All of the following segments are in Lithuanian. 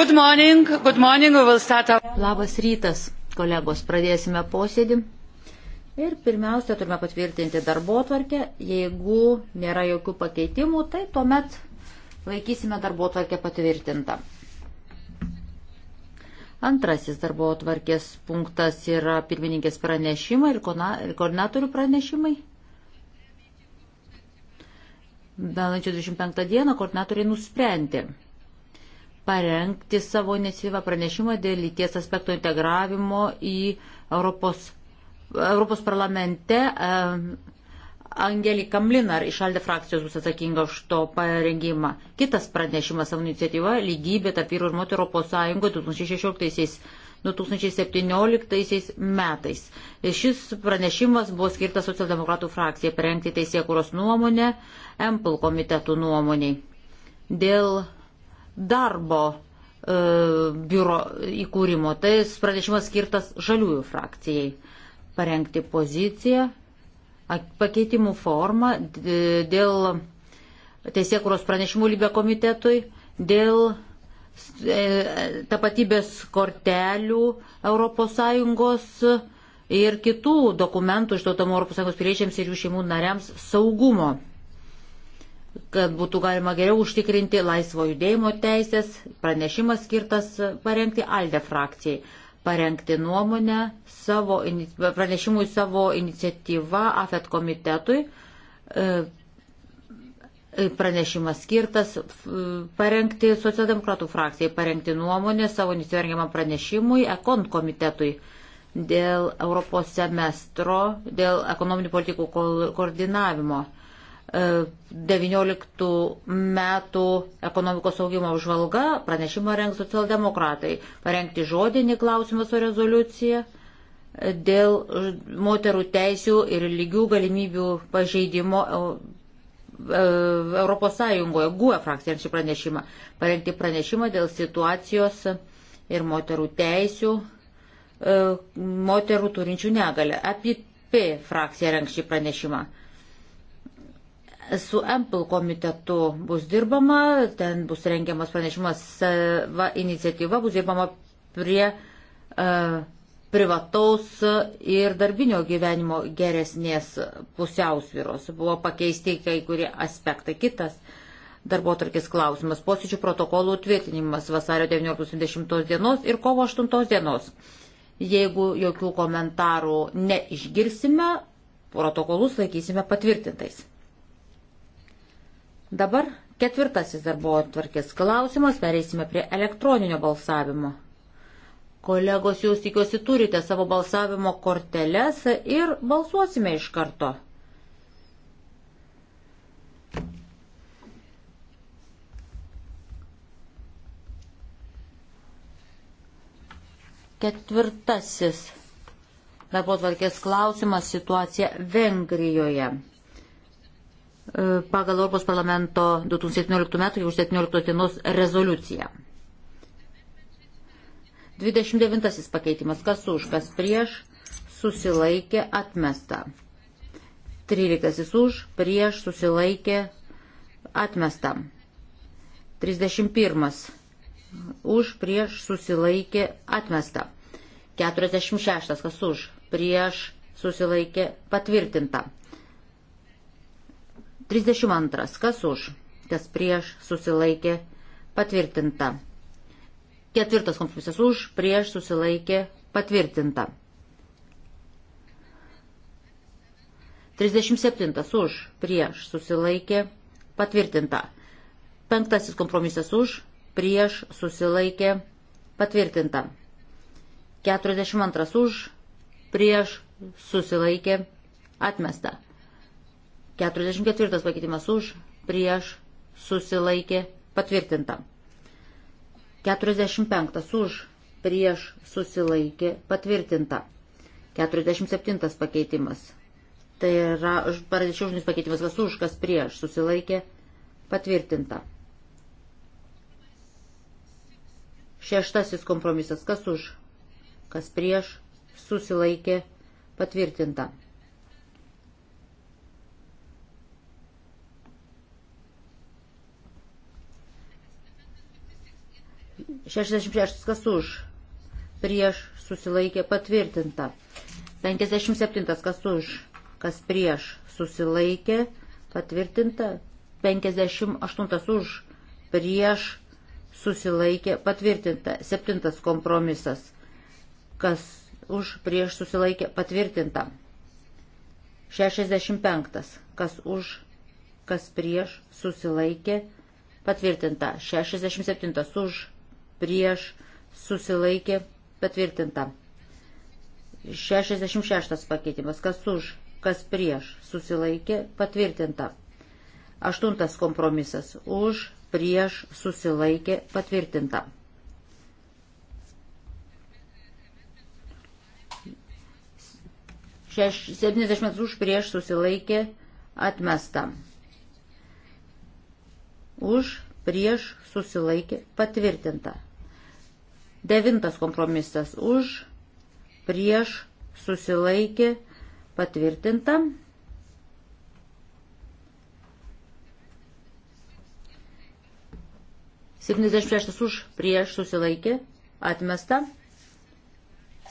Good morning, good morning, we'll start our... Labas rytas, kolegos, pradėsime posėdį. Ir pirmiausia, turime patvirtinti darbo tvarkę. Jeigu nėra jokių pakeitimų, tai tuomet laikysime darbo tvarkę patvirtintą. Antrasis darbo tvarkės punktas yra pirmininkės pranešimai ir koordinatorių pranešimai. Balandžio 25 dieną koordinatoriai nusprendė parengti savo iniciatyvą pranešimą dėl lyties aspekto integravimo į Europos, Europos parlamente. Angelika Mlinar iš Alde frakcijos bus atsakinga už to parengimą. Kitas pranešimas savo iniciatyva - lygybė tarp vyrų ir moterų Europos Sąjungoje 2016. 2017 metais. Šis pranešimas buvo skirtas socialdemokratų frakcijai parengti teisėkuros nuomonę, MPL komitetų nuomoniai. Dėl darbo e, biuro įkūrimo. Tai pranešimas skirtas žaliųjų frakcijai parengti poziciją, pakeitimų formą dėl teisėkuros pranešimų lybė komitetui, dėl e, tapatybės kortelių ES ir kitų dokumentų išduotamų ES piliečiams ir jų šeimų nariams saugumo kad būtų galima geriau užtikrinti laisvo judėjimo teisės, pranešimas skirtas parengti Alde frakcijai, parengti nuomonę savo, pranešimui savo iniciatyvą AFET komitetui, e, e, pranešimas skirtas parengti socialdemokratų frakcijai, parengti nuomonę savo inicijuojamam pranešimui Ekon komitetui dėl Europos semestro, dėl ekonominių politikų koordinavimo. Kol 19 e, metų ekonomikos augimo apžvalga, pranešimą rengs socialdemokratai, parengti žodinį klausimą su rezoliucija e, dėl moterų teisių ir lygių galimybių pažeidimo e, Europos Sąjungoje, GUE frakcija šį pranešimą, parengti pranešimą dėl situacijos ir moterų teisių, moterų turinčių negalę. APP frakcija rengs šį pranešimą Su MPL komitetu bus dirbama, ten bus rengiamas pranešimas sava iniciatyva, bus dirbama prie uh, privataus ir darbinio gyvenimo geresnės pusiausviros. Buvo pakeisti kai kurie aspektai. Kitas darbo tarkis klausimas - posėdžių protokolų tvirtinimas vasario 19-20 dienos ir kovo 8 dienos. Jeigu jokių komentarų neišgirsime, protokolus laikysime patvirtintais. Dabar ketvirtasis darbo atvarkės klausimas, pereisime prie elektroninio balsavimo. Kolegos, jūs tikiuosi turite savo balsavimo korteles ir balsuosime iš karto. Ketvirtasis darbo atvarkės klausimas - situacija Vengrijoje pagal Europos parlamento 2017 m. už 17 dienos rezoliuciją. 29 pakeitimas. Kas už, kas prieš, susilaikė, atmesta. 13 už, prieš, susilaikė, atmesta. 31 už, prieš, susilaikė, atmesta. 46 kas už, prieš, susilaikė, patvirtinta. 32. Kas už? Kas prieš? Susilaikė. Patvirtinta. Ketvirtas kompromisas už, prieš, susilaikė, patvirtinta. 37 už, prieš, susilaikė, patvirtinta. Penktasis kompromisas už, prieš, susilaikė, patvirtinta. 42 už, prieš, susilaikė, atmesta. 44 pakeitimas už, prieš, susilaikė, patvirtinta. 45 už, prieš, susilaikė, patvirtinta. 47 pakeitimas. Tai yra pradėčiaužnis pakeitimas, kas už, kas prieš, susilaikė, patvirtinta. Šeštasis kompromisas, kas už, kas prieš, susilaikė, patvirtinta. 66 kas už, prieš susilaikė patvirtinta. 57 kas už, kas prieš susilaikė patvirtinta. 58 už, prieš susilaikė patvirtinta. 7 kompromisas, kas už, prieš susilaikė patvirtinta. 65 kas už, kas prieš susilaikė patvirtinta. 67 už prieš susilaikė patvirtinta. 66 pakeitimas, kas už, kas prieš susilaikė patvirtinta. 8 kompromisas, už, prieš susilaikė patvirtinta. Šeš, 70 už prieš susilaikė atmesta. Už prieš susilaikė patvirtinta. Devintas kompromisas už, prieš, susilaikė, patvirtinta. Septyniasdešimt šeštas už, prieš, susilaikė, atmesta.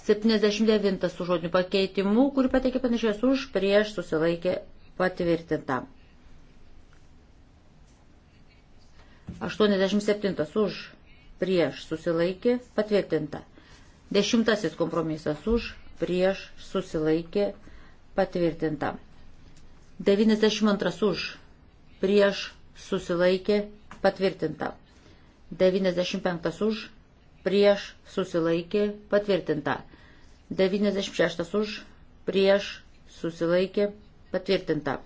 79 su žodiniu pakeitimu, kurį pateikė panašias už, prieš, susilaikė, patvirtinta. 87 už, prieš susilaikė patvirtinta. Dešimtasis kompromisas už prieš susilaikė patvirtinta. 92 už prieš susilaikė patvirtinta. 95 už prieš susilaikė patvirtinta. 96 už prieš susilaikė patvirtinta.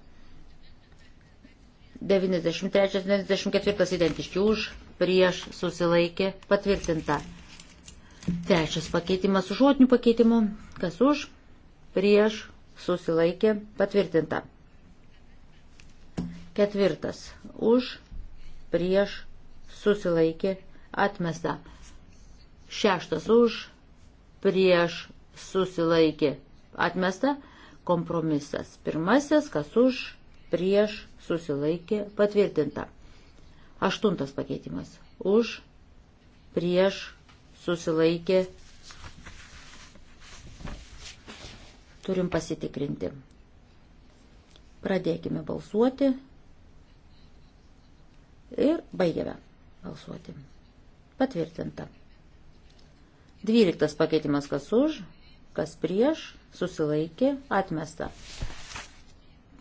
93-94 identiški už, prieš susilaikė patvirtinta. Trečias pakeitimas su žodiniu pakeitimu, kas už, prieš susilaikė patvirtinta. Ketvirtas už, prieš susilaikė atmesta. Šeštas už, prieš susilaikė atmesta. Kompromisas pirmasis, kas už, prieš susilaikė patvirtinta. Aštuntas pakeitimas. Už, prieš, susilaikė. Turim pasitikrinti. Pradėkime balsuoti. Ir baigėme balsuoti. Patvirtinta. Dvyliktas pakeitimas kas už, kas prieš, susilaikė, atmesta.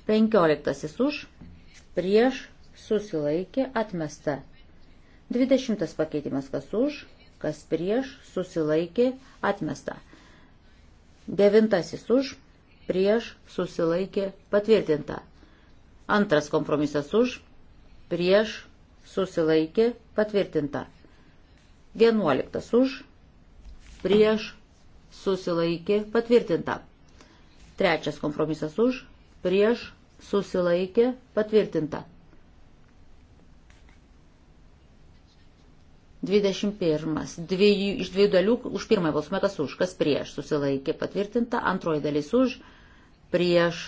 Penkioliktasis už, prieš, susilaikė, atmesta. 20 pakeitimas kas už, kas prieš, susilaikė, atmesta. 9 už, prieš, susilaikė, patvirtinta. Antras kompromisas už, prieš, susilaikė, patvirtinta. 11 už, prieš, susilaikė, patvirtinta. Trečias kompromisas už, prieš, susilaikė, patvirtinta. 21. Dviejų, iš dviejų dalių už pirmąją balsumą kas už, kas prieš susilaikė patvirtinta, antroji dalis už, prieš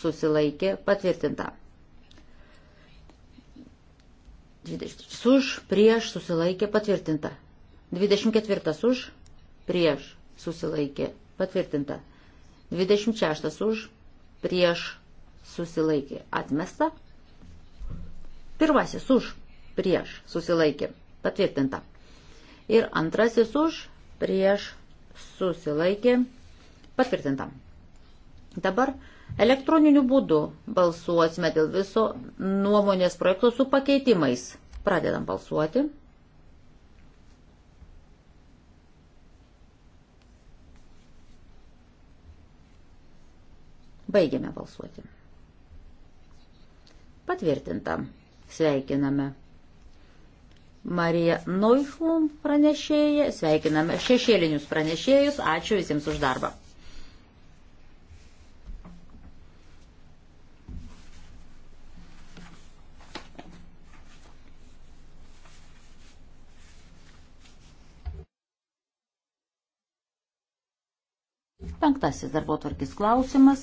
susilaikė patvirtinta. 23. Už, prieš susilaikė patvirtinta. 24. Už, prieš susilaikė patvirtinta. 26. Už, prieš susilaikė atmesta. Pirmasis už, prieš susilaikė Patvirtinta. Ir antrasis už, prieš, susilaikė, patvirtinta. Dabar elektroniniu būdu balsuosime dėl viso nuomonės projekto su pakeitimais. Pradedam balsuoti. Baigiame balsuoti. Patvirtinta. Sveikiname Marija Noifum pranešėja. Sveikiname šešėlinius pranešėjus. Ačiū visiems už darbą. Penktasis darbo tvarkis klausimas.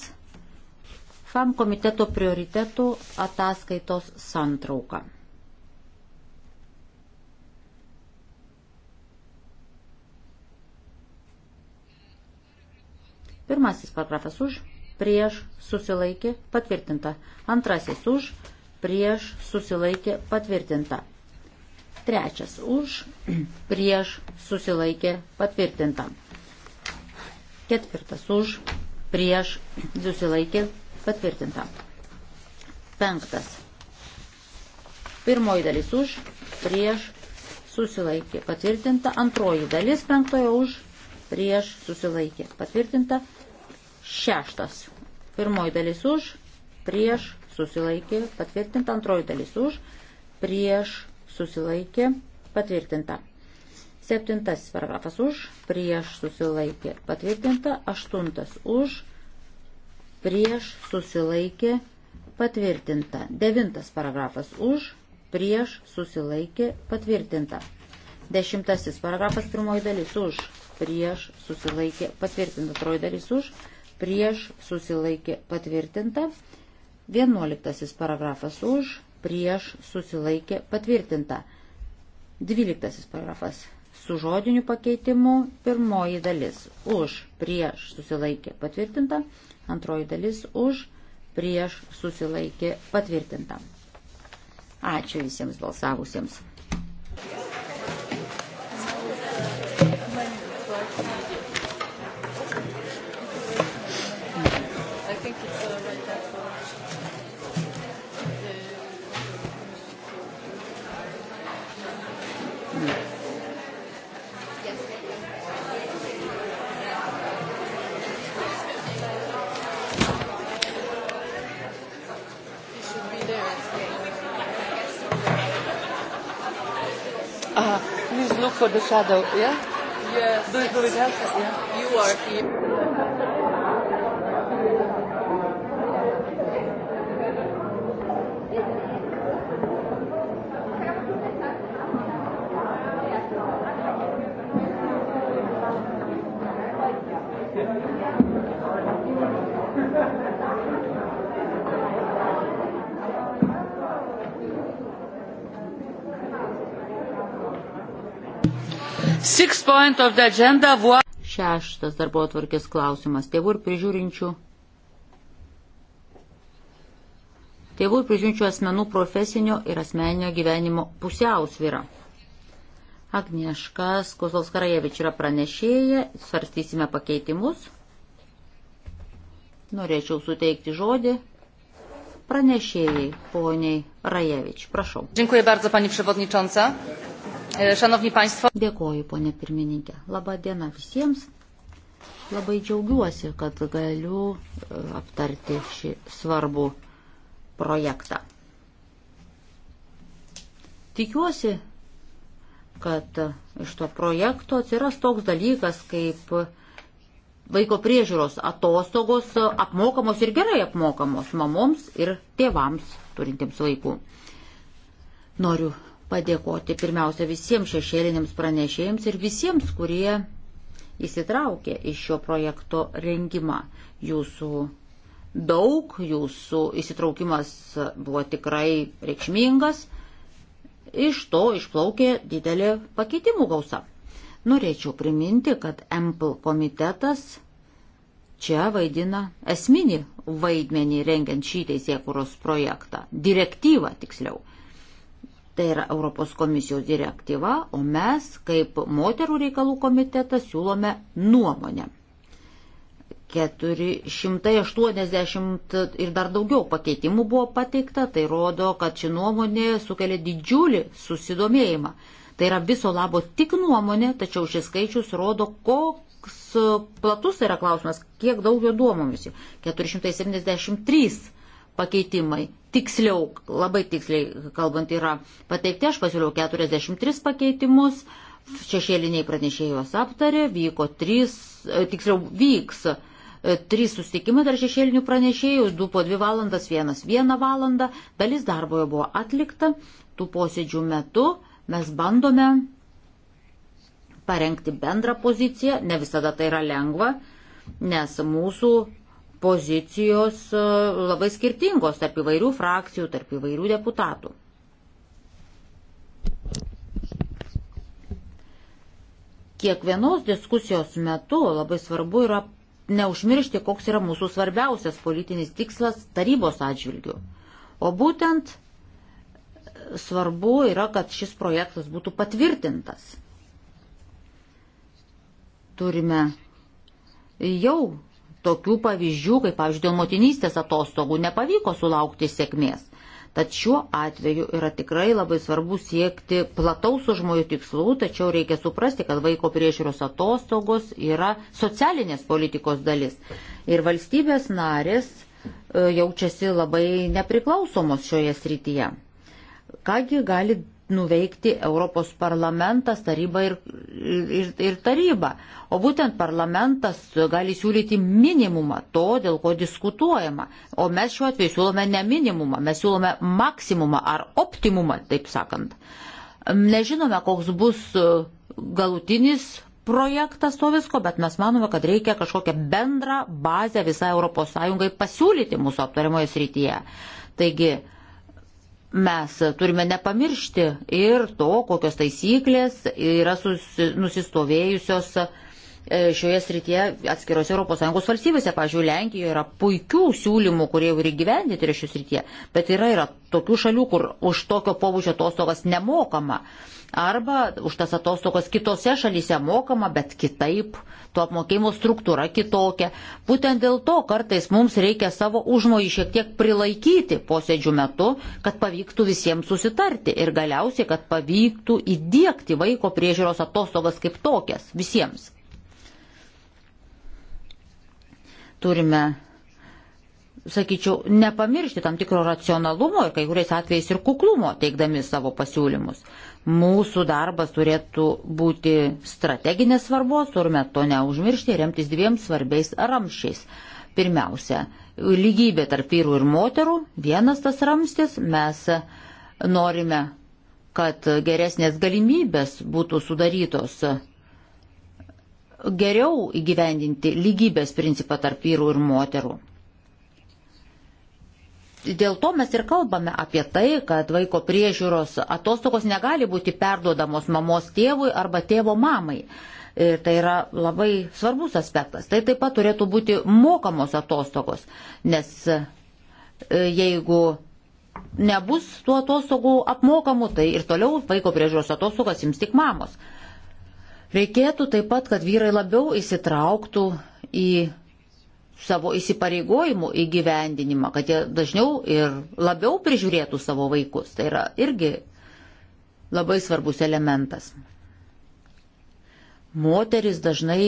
FAM komiteto prioritetų ataskaitos santrauka. Pirmasis paragrafas už, prieš, susilaikė, patvirtinta. Antrasis už, prieš, susilaikė, patvirtinta. Trečias už, prieš, susilaikė, patvirtinta. Ketvirtas už, prieš, susilaikė, patvirtinta. Penktas. Pirmoji dalis už, prieš, susilaikė, patvirtinta. Antroji dalis penktojo už, prieš, susilaikė, patvirtinta. Šeštas. Pirmoji dalis už, prieš, susilaikė, patvirtinta. Antroji dalis už, prieš, susilaikė, patvirtinta. Septintasis paragrafas už, prieš, susilaikė, patvirtinta. Aštuntas už, prieš, susilaikė, patvirtinta. Devintas paragrafas už, prieš, susilaikė, patvirtinta. Dešimtasis paragrafas pirmoji dalis už, prieš, susilaikė, patvirtinta. Troji dalis už, prieš, susilaikė, patvirtinta prieš susilaikė patvirtinta, 11 paragrafas už, prieš susilaikė patvirtinta, 12 paragrafas su žodiniu pakeitimu, pirmoji dalis už, prieš susilaikė patvirtinta, antroji dalis už, prieš susilaikė patvirtinta. Ačiū visiems balsavusiems. for the shadow, yeah? Yes. Do it, do it, yeah? You are here. Was... Šeštas darbo atvarkės klausimas. Tėvų ir prižiūrinčių. Tėvų ir prižiūrinčių asmenų profesinio ir asmeninio gyvenimo pusiausvyra. Agnieška Skoslovskarajevič yra pranešėja, svarstysime pakeitimus. Norėčiau suteikti žodį pranešėjai, poniai Rajevič. Prašau. Dziękuję bardzo, pani przewodnicząca. Šanovni e, paistvo. Dėkoju, ponė pirmininkė. Labą dieną visiems. Labai džiaugiuosi, kad galiu e, aptarti šį svarbų projektą. Tikiuosi, kad iš to projekto atsiras toks dalykas kaip vaiko priežiūros atostogos e, apmokamos ir gerai apmokamos mamoms ir tėvams turintiems vaikų. Noriu padėkoti pirmiausia visiems šešėliniams pranešėjams ir visiems, kurie įsitraukė iš šio projekto rengimą. Jūsų daug, jūsų įsitraukimas buvo tikrai reikšmingas. Iš to išplaukė didelė pakeitimų gausa. Norėčiau priminti, kad MPL komitetas čia vaidina esminį vaidmenį rengiant šį teisėkuros projektą, direktyvą tiksliau. Tai yra Europos komisijos direktyva, o mes kaip moterų reikalų komitetas siūlome nuomonę. 480 ir dar daugiau pakeitimų buvo pateikta, tai rodo, kad ši nuomonė sukelia didžiulį susidomėjimą. Tai yra viso labo tik nuomonė, tačiau šis skaičius rodo, koks platus yra klausimas, kiek daug jo duomomis. 473 pakeitimai. Tiksliau, labai tiksliai kalbant, yra pateikti. Aš pasiūliau 43 pakeitimus, šešėliniai pranešėjai juos aptarė, vyko trys, e, tiksliau vyks e, trys susitikimai dar šešėlinių pranešėjų, du po dvi valandas, vienas vieną valandą. Dalis darboje buvo atlikta, tų posėdžių metu mes bandome parengti bendrą poziciją, ne visada tai yra lengva, nes mūsų pozicijos e, labai skirtingos tarp įvairių frakcijų, tarp įvairių deputatų. Kiekvienos diskusijos metu labai svarbu yra neužmiršti, koks yra mūsų svarbiausias politinis tikslas tarybos atžvilgių. O būtent svarbu yra, kad šis projektas būtų patvirtintas. Turime jau tokių pavyzdžių, kaip, pavyzdžiui, dėl motinystės atostogų nepavyko sulaukti sėkmės. Tad šiuo atveju yra tikrai labai svarbu siekti plataus užmojų tikslų, tačiau reikia suprasti, kad vaiko priežiūros atostogos yra socialinės politikos dalis. Ir valstybės narės e, jaučiasi labai nepriklausomos šioje srityje. Kągi gali nuveikti Europos parlamentas, taryba ir, ir, ir taryba. O būtent parlamentas gali siūlyti minimumą to, dėl ko diskutuojama. O mes šiuo atveju siūlome ne minimumą, mes siūlome maksimumą ar optimumą, taip sakant. Nežinome, koks bus galutinis projektas to visko, bet mes manome, kad reikia kažkokią bendrą bazę visai ES pasiūlyti mūsų aptariamoje srityje. Taigi, mes turime nepamiršti ir to, kokios taisyklės yra nusistovėjusios E, šioje srityje atskiros ES valstybėse, pažiūrėjau, Lenkijoje yra puikių siūlymų, kurie jau yra gyvendyti ir šios srityje, bet yra, yra tokių šalių, kur už tokio pobūdžio atostogas nemokama. Arba už tas atostogas kitose šalyse mokama, bet kitaip, tuo apmokėjimo struktūra kitokia. Būtent dėl to kartais mums reikia savo užmojį šiek tiek prilaikyti posėdžių metu, kad pavyktų visiems susitarti ir galiausiai, kad pavyktų įdėkti vaiko priežiūros atostogas kaip tokias visiems. turime, sakyčiau, nepamiršti tam tikro racionalumo ir kai kuriais atvejais ir kuklumo teikdami savo pasiūlymus. Mūsų darbas turėtų būti strateginės svarbos, turime to neužmiršti ir remtis dviem svarbiais ramšiais. Pirmiausia, lygybė tarp vyrų ir moterų, vienas tas ramstis, mes norime, kad geresnės galimybės būtų sudarytos geriau įgyvendinti lygybės principą tarp vyrų ir moterų. Dėl to mes ir kalbame apie tai, kad vaiko priežiūros atostogos negali būti perduodamos mamos tėvui arba tėvo mamai. Ir tai yra labai svarbus aspektas. Tai taip pat turėtų būti mokamos atostogos, nes e, jeigu nebus tų atostogų apmokamų, tai ir toliau vaiko priežiūros atostogas jums tik mamos. Reikėtų taip pat, kad vyrai labiau įsitrauktų į savo įsipareigojimų įgyvendinimą, kad jie dažniau ir labiau prižiūrėtų savo vaikus. Tai yra irgi labai svarbus elementas. Moteris dažnai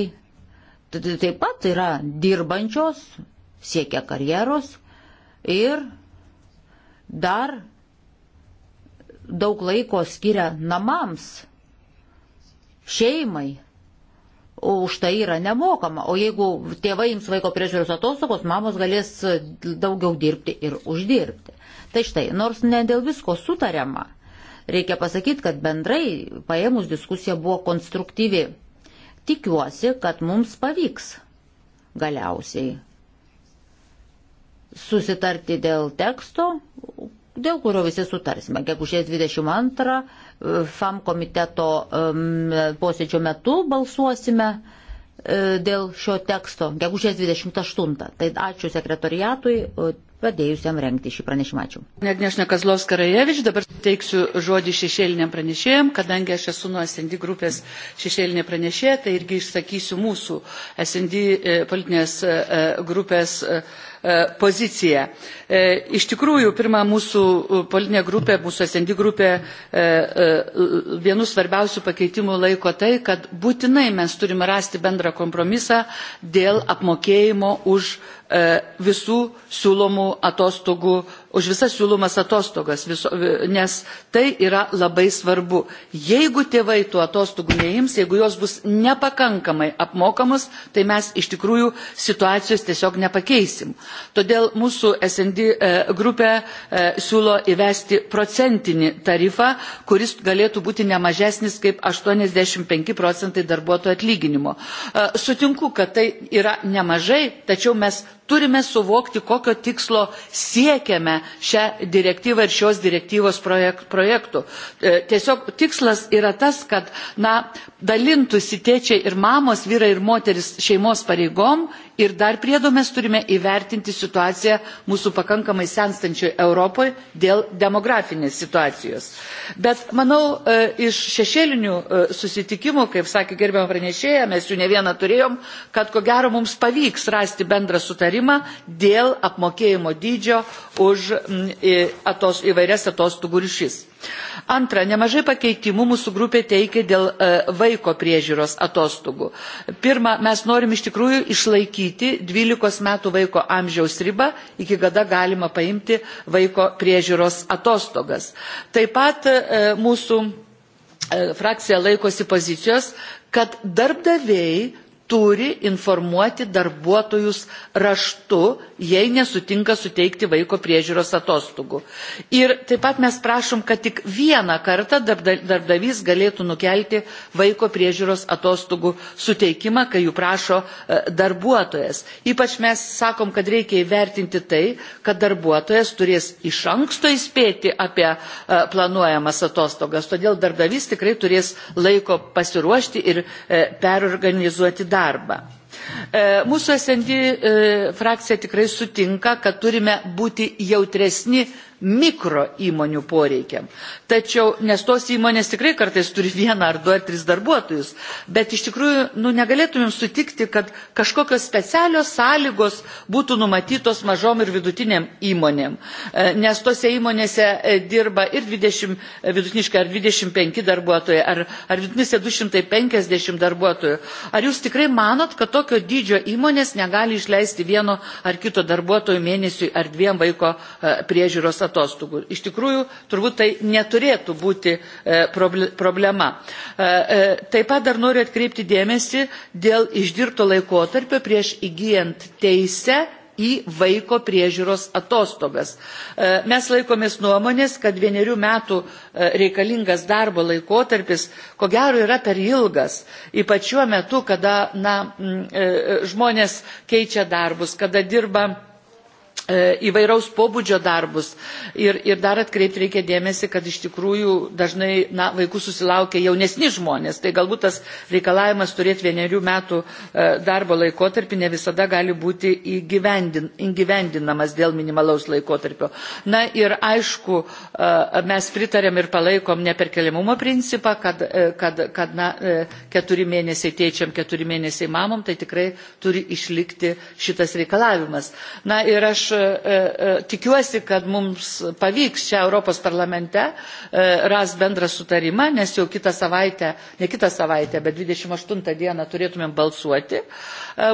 taip pat yra dirbančios, siekia karjeros ir dar daug laiko skiria namams šeimai už tai yra nemokama. O jeigu tėvai jums vaiko priežiūros atostogos, mamos galės daugiau dirbti ir uždirbti. Tai štai, nors ne dėl visko sutariama, reikia pasakyti, kad bendrai paėmus diskusija buvo konstruktyvi. Tikiuosi, kad mums pavyks galiausiai susitarti dėl teksto, dėl kurio visi sutarsime. Gegužės 22 FAM komiteto posėdžio metu balsuosime e, dėl šio teksto, gegužės 28. Tai ačiū sekretoriatui, padėjusiam renkti šį pranešimą. Ačiū. Negnešna Kazlovs Karajevič, dabar teiksiu žodį šešėliniam pranešėjam, kadangi aš esu nuo SND grupės šešėlinė pranešėja, tai irgi išsakysiu mūsų SND e, politinės e, e, grupės poziciją. Iš tikrųjų, pirmą mūsų politinė grupė, mūsų SND grupė, vienu svarbiausių pakeitimų laiko tai, kad būtinai mes turime rasti bendrą kompromisą dėl apmokėjimo už visų siūlomų atostogų už visas siūlomas atostogas, viso, nes tai yra labai svarbu. Jeigu tėvai tų atostogų neims, jeigu jos bus nepakankamai apmokamos, tai mes iš tikrųjų situacijos tiesiog nepakeisim. Todėl mūsų SND e, grupė e, siūlo įvesti procentinį tarifą, kuris galėtų būti nemažesnis kaip 85 procentai darbuotojų atlyginimo. E, sutinku, kad tai yra nemažai, tačiau mes turime suvokti, kokio tikslo siekiame šią direktyvą ir šios direktyvos projektų. E, tiesiog tikslas yra tas, kad na, dalintųsi tėčiai ir mamos, vyrai ir moteris šeimos pareigom ir dar priedo mes turime įvertinti situaciją mūsų pakankamai senstančioje Europoje dėl demografinės situacijos. Bet manau, e, iš šešėlinių e, susitikimų, kaip sakė gerbiamą pranešėją, mes jų ne vieną turėjom, kad ko gero mums pavyks rasti bendrą sutarimą dėl apmokėjimo dydžio už atos, įvairias atostogų ryšys. Antra, nemažai pakeitimų mūsų grupė teikia dėl e, vaiko priežiūros atostogų. Pirma, mes norim iš tikrųjų išlaikyti 12 metų vaiko amžiaus ribą, iki kada galima paimti vaiko priežiūros atostogas. Taip pat e, mūsų e, frakcija laikosi pozicijos, kad darbdaviai turi informuoti darbuotojus raštu, jei nesutinka suteikti vaiko priežiūros atostogų. Ir taip pat mes prašom, kad tik vieną kartą darbdavys galėtų nukelti vaiko priežiūros atostogų suteikimą, kai jų prašo e, darbuotojas. Ypač mes sakom, kad reikia įvertinti tai, kad darbuotojas turės iš anksto įspėti apie e, planuojamas atostogas, todėl darbdavys tikrai turės laiko pasiruošti ir e, perorganizuoti darbą darbą. E, mūsų SND e, frakcija tikrai sutinka, kad turime būti jautresni mikro įmonių poreikiam. Tačiau, nes tos įmonės tikrai kartais turi vieną ar du ar tris darbuotojus, bet iš tikrųjų nu, negalėtumėm sutikti, kad kažkokios specialios sąlygos būtų numatytos mažom ir vidutiniam įmonėm, e, nes tose įmonėse e, dirba ir 20, e, vidutiniškai ar 25 darbuotojai, ar, ar vidutinėse 250 darbuotojų. Ar jūs tikrai manot, kad tokio dydžio įmonės negali išleisti vieno ar kito darbuotojo mėnesiui ar dviem vaiko priežiūros atostogų? atostogų. Iš tikrųjų, turbūt tai neturėtų būti e, problema. E, e, taip pat dar noriu atkreipti dėmesį dėl išdirbto laikotarpio prieš įgyjant teisę į vaiko priežiūros atostogas. Mes laikomės nuomonės, kad vienerių metų reikalingas darbo laikotarpis, ko gero, yra per ilgas, ypač šiuo metu, kada na, žmonės keičia darbus, kada dirba E, įvairaus pobūdžio darbus ir, ir dar atkreipti reikia dėmesį, kad iš tikrųjų dažnai na, vaikų susilaukia jaunesni žmonės, tai galbūt tas reikalavimas turėti vienerių metų e, darbo laikotarpį ne visada gali būti įgyvendin, įgyvendinamas dėl minimalaus laikotarpio. Na ir aišku, e, mes pritarėm ir palaikom neperkeliamumo principą, kad, kad, kad na, keturi mėnesiai tėčiam, keturi mėnesiai mamom, tai tikrai turi išlikti šitas reikalavimas. Na ir aš E, e, tikiuosi, kad mums pavyks čia Europos parlamente e, ras bendrą sutarimą, nes jau kitą savaitę, ne kitą savaitę, bet 28 dieną turėtumėm balsuoti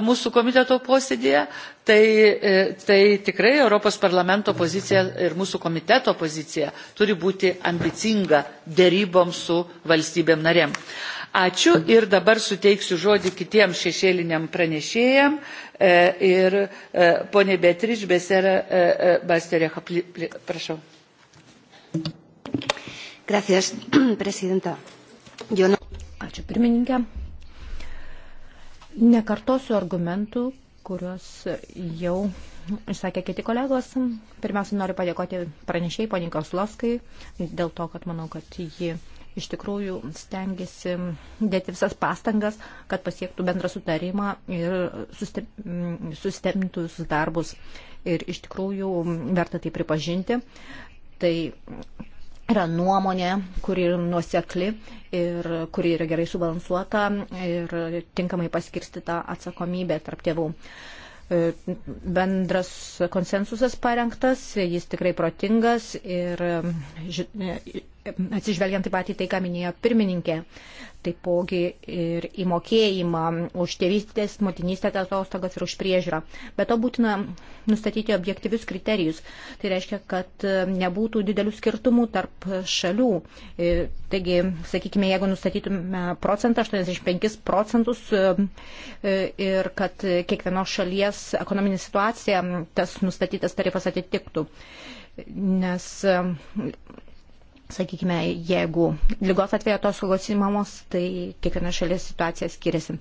mūsų komiteto posėdėje. Tai, tai tikrai Europos parlamento pozicija ir mūsų komiteto pozicija turi būti ambicinga dėryboms su valstybėm narėm. Ačiū ir dabar suteiksiu žodį kitiems šešėliniam pranešėjam e, ir e, ponė Betrič Besera e, Basterecha. Prašau. Gracias, presidenta. Yo no... Ačiū pirmininkė. Nekartosiu argumentų, kuriuos jau išsakė kiti kolegos. Pirmiausia, noriu padėkoti pranešėjai, poninkos Loskai, dėl to, kad manau, kad ji jį iš tikrųjų stengiasi dėti visas pastangas, kad pasiektų bendrą sutarimą ir sustebintų visus darbus. Ir iš tikrųjų verta tai pripažinti. Tai yra nuomonė, kuri yra nuosekli ir kuri yra gerai subalansuota ir tinkamai paskirstita atsakomybė tarp tėvų e, bendras konsensusas parengtas, jis tikrai protingas ir e, e, atsižvelgiant taip pat į tai, ką minėjo pirmininkė, taipogi ir įmokėjimą už tėvystės, motinystės atostogas ir už priežiūrą. Bet to būtina nustatyti objektyvius kriterijus. Tai reiškia, kad nebūtų didelių skirtumų tarp šalių. E, taigi, sakykime, jeigu nustatytume procentą, 85 procentus e, e, ir kad kiekvienos šalies ekonominė situacija tas nustatytas tarifas atitiktų. Nes sakykime, jeigu lygos atveju atostogos įmamos, tai kiekviena šalies situacija skiriasi.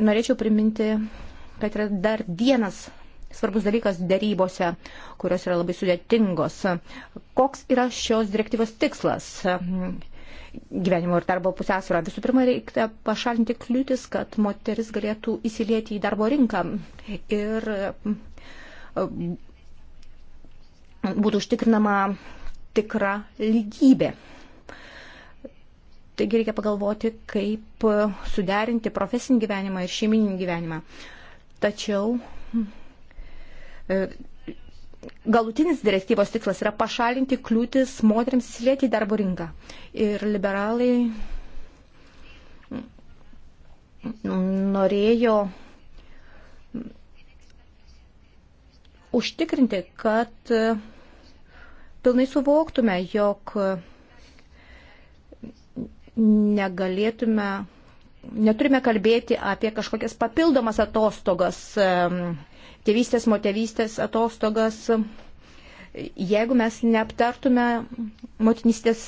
Norėčiau priminti, kad yra dar vienas svarbus dalykas dėrybose, kurios yra labai sudėtingos. Koks yra šios direktyvos tikslas? gyvenimo ir darbo pusiausvyrą. Visų pirma, reikia pašalinti kliūtis, kad moteris galėtų įsilieti į darbo rinką ir e, būtų užtikrinama tikra lygybė. Taigi reikia pagalvoti, kaip suderinti profesinį gyvenimą ir šeimininį gyvenimą. Tačiau e, galutinis direktyvos tikslas yra pašalinti kliūtis moteriams įsilieti į darbo rinką. Ir liberalai norėjo užtikrinti, kad pilnai suvoktume, jog negalėtume, neturime kalbėti apie kažkokias papildomas atostogas, tėvystės, motėvystės atostogas, jeigu mes neaptartume motinystės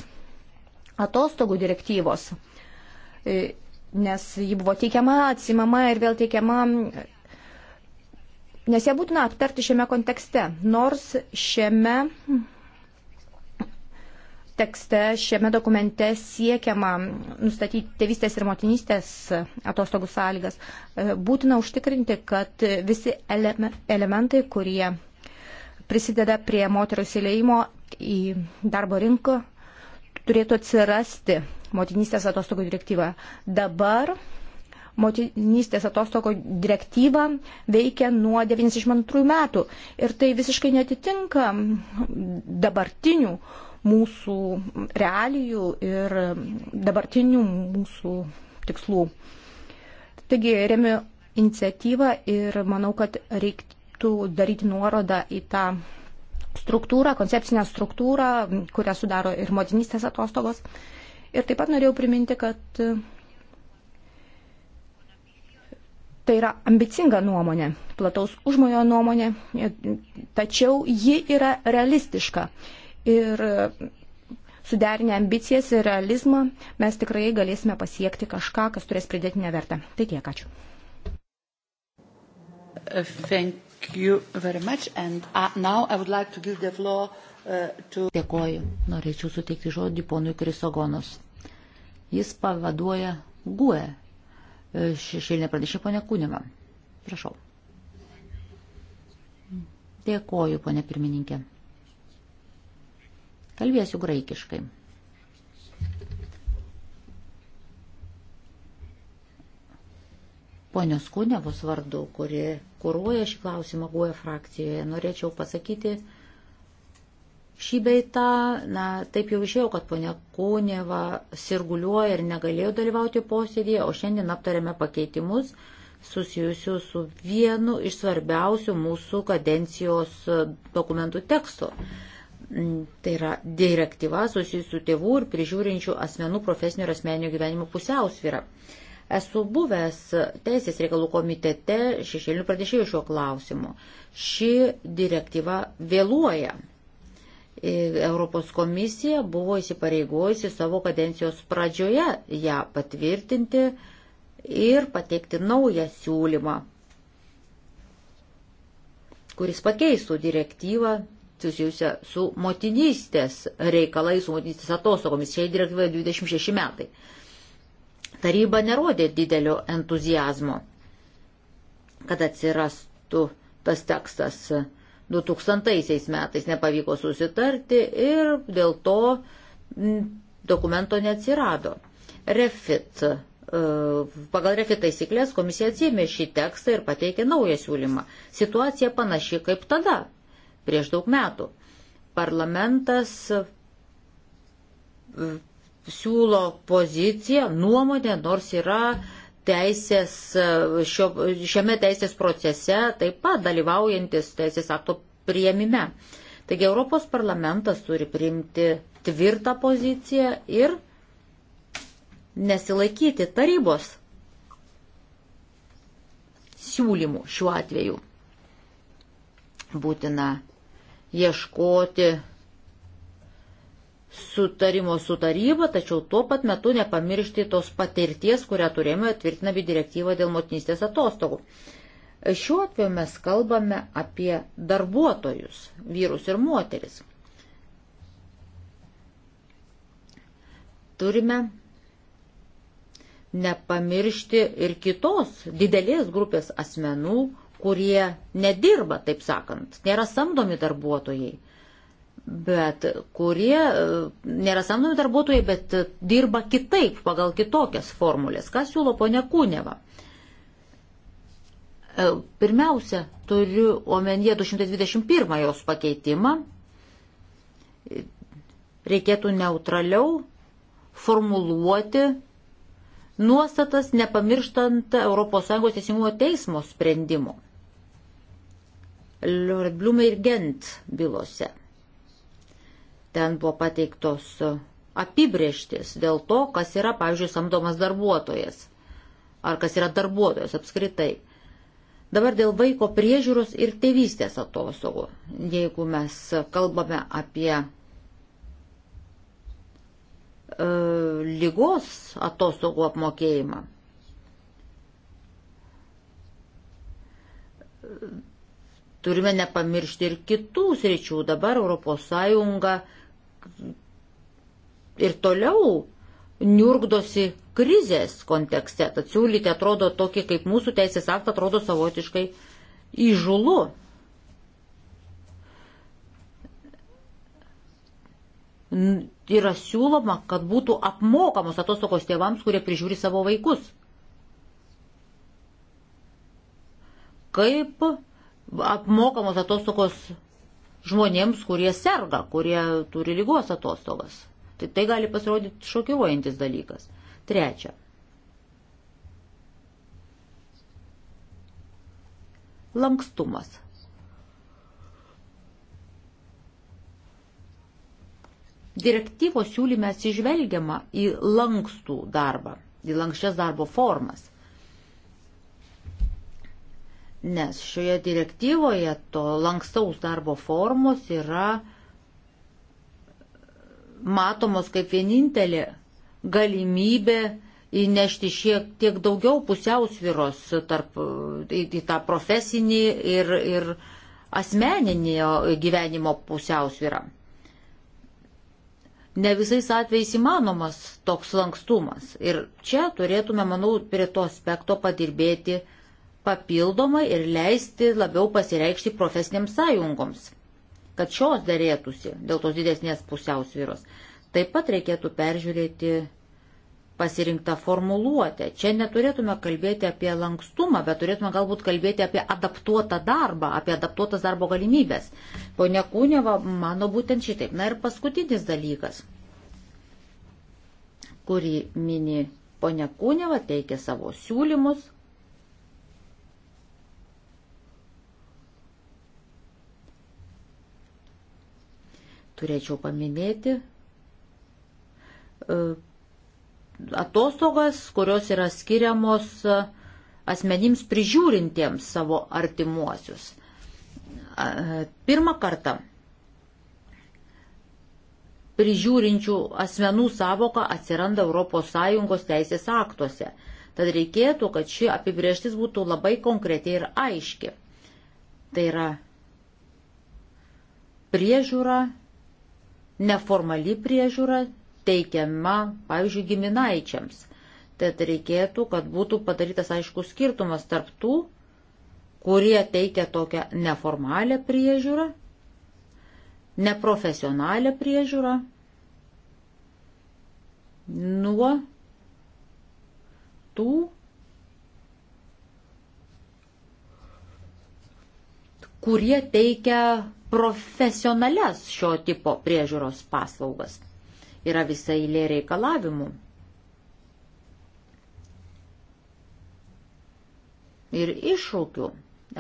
atostogų direktyvos, e, nes ji buvo teikiama, atsimama ir vėl teikiama nes ją būtina aptarti šiame kontekste, nors šiame tekste, šiame dokumente siekiama nustatyti tėvystės ir motinystės atostogų sąlygas. E, būtina užtikrinti, kad visi ele elementai, kurie prisideda prie moterų įsileimo į darbo rinką, turėtų atsirasti motinystės atostogų direktyvoje. Dabar motinystės atostogų direktyva veikia nuo 92 metų ir tai visiškai netitinka dabartinių mūsų realijų ir dabartinių mūsų tikslų. Taigi remiu iniciatyvą ir manau, kad reiktų daryti nuorodą į tą struktūrą, koncepcinę struktūrą, kurią sudaro ir motinystės atostogos. Ir taip pat norėjau priminti, kad tai yra ambicinga nuomonė, plataus užmojo nuomonė, tačiau ji yra realistiška ir suderinę ambicijas ir realizmą mes tikrai galėsime pasiekti kažką, kas turės pridėtinę vertę. Tai tiek, ačiū. Uh, uh, like floor, uh, to... Dėkoju. Norėčiau suteikti žodį ponui Krisogonos. Jis pavaduoja GUE. E, šešėlinė pranešė ponia Kūnima. Prašau. Dėkoju, ponia pirmininkė. Kalbėsiu graikiškai. Ponios Kunevos vardu, kuri kūruoja šį klausimą GUE frakcijoje, norėčiau pasakyti šį beitą. Na, taip jau išėjau, kad ponia Kuneva sirguliuoja ir negalėjo dalyvauti posėdėje, o šiandien aptarėme pakeitimus susijusių su vienu iš svarbiausių mūsų kadencijos dokumentų teksto. Mm, tai yra direktyva susijusi su tėvų ir prižiūrinčių asmenų profesinio ir asmeninio gyvenimo pusiausvyrą. Esu buvęs Teisės reikalų komitete šešėlinių pranešėjų šiuo klausimu. Ši direktyva vėluoja. E, Europos komisija buvo įsipareigojusi savo kadencijos pradžioje ją patvirtinti ir pateikti naują siūlymą, kuris pakeistų direktyvą susijusią su motinystės reikalais, su motinystės atostogomis. Šiai direktyvai 26 metai. Taryba nerodė didelio entuzijazmo, kad atsirastų tas tekstas 2000 metais nepavyko susitarti ir dėl to dokumento neatsirado. Refit e, pagal refit taisyklės komisija atsėmė šį tekstą ir pateikė naują siūlymą. Situacija panaši kaip tada, prieš daug metų. Parlamentas mm, siūlo poziciją, nuomonę, nors yra teisės, šio, šiame teisės procese taip pat dalyvaujantis teisės akto prieimime. Taigi Europos parlamentas turi priimti tvirtą poziciją ir nesilaikyti tarybos siūlymų šiuo atveju. Būtina ieškoti sutarimo su taryba, tačiau tuo pat metu nepamiršti tos patirties, kurią turėjome tvirtinami direktyvą dėl motinystės atostogų. Šiuo atveju mes kalbame apie darbuotojus, vyrus ir moteris. Turime nepamiršti ir kitos didelės grupės asmenų, kurie nedirba, taip sakant, nėra samdomi darbuotojai, bet kurie e, nėra samdomi darbuotojai, bet dirba kitaip, pagal kitokias formulės. Ką siūlo ponia Kūneva? E, pirmiausia, turiu omenyje 221 jos pakeitimą. Reikėtų neutraliau formuluoti nuostatas, nepamirštant ES teisingumo teismo sprendimo. Loret Blumai ir Gent bylose. Ten buvo pateiktos apibrieštis dėl to, kas yra, pavyzdžiui, samdomas darbuotojas ar kas yra darbuotojas apskritai. Dabar dėl vaiko priežiūros ir tėvystės atostogų. Jeigu mes kalbame apie e, lygos atostogų apmokėjimą, turime nepamiršti ir kitų sričių. Dabar ES ir toliau niurgdosi krizės kontekste. Tad siūlyti atrodo tokį, kaip mūsų teisės aktą atrodo savotiškai įžulu. Yra siūloma, kad būtų apmokamos atostogos tėvams, kurie prižiūri savo vaikus. Kaip apmokamos atostogos žmonėms, kurie serga, kurie turi lygos atostogas. Tai tai gali pasirodyti šokiruojantis dalykas. Trečia. Lankstumas. Direktyvos siūlyme atsižvelgiama į lankstų darbą, į lankščias darbo formas nes šioje direktyvoje to lankstaus darbo formos yra matomos kaip vienintelė galimybė įnešti šiek tiek daugiau pusiausviros tarp, į, į tą profesinį ir, ir asmeninio gyvenimo pusiausvyrą. Ne visais atvejais įmanomas toks lankstumas. Ir čia turėtume, manau, prie to aspekto padirbėti papildomai ir leisti labiau pasireikšti profesinėms sąjungoms, kad šios dėrėtųsi dėl tos didesnės pusiausvyros. Taip pat reikėtų peržiūrėti pasirinktą formuluotę. Čia neturėtume kalbėti apie lankstumą, bet turėtume galbūt kalbėti apie adaptuotą darbą, apie adaptuotas darbo galimybės. Pone Kūneva mano būtent šitaip. Na ir paskutinis dalykas, kurį mini ponia Kūneva, teikia savo siūlymus. turėčiau paminėti e, atostogas, kurios yra skiriamos e, asmenims prižiūrintiems savo artimuosius. E, pirmą kartą prižiūrinčių asmenų savoka atsiranda ES teisės aktuose. Tad reikėtų, kad ši apibrieštis būtų labai konkretiai ir aiški. Tai yra priežiūra Neformali priežiūra teikiama, pavyzdžiui, giminaičiams. Tad reikėtų, kad būtų padarytas aiškus skirtumas tarp tų, kurie teikia tokią neformalią priežiūrą, neprofesionalią priežiūrą, nuo tų, kurie teikia profesionales šio tipo priežiūros paslaugas. Yra visa eilė reikalavimų. Ir iššūkių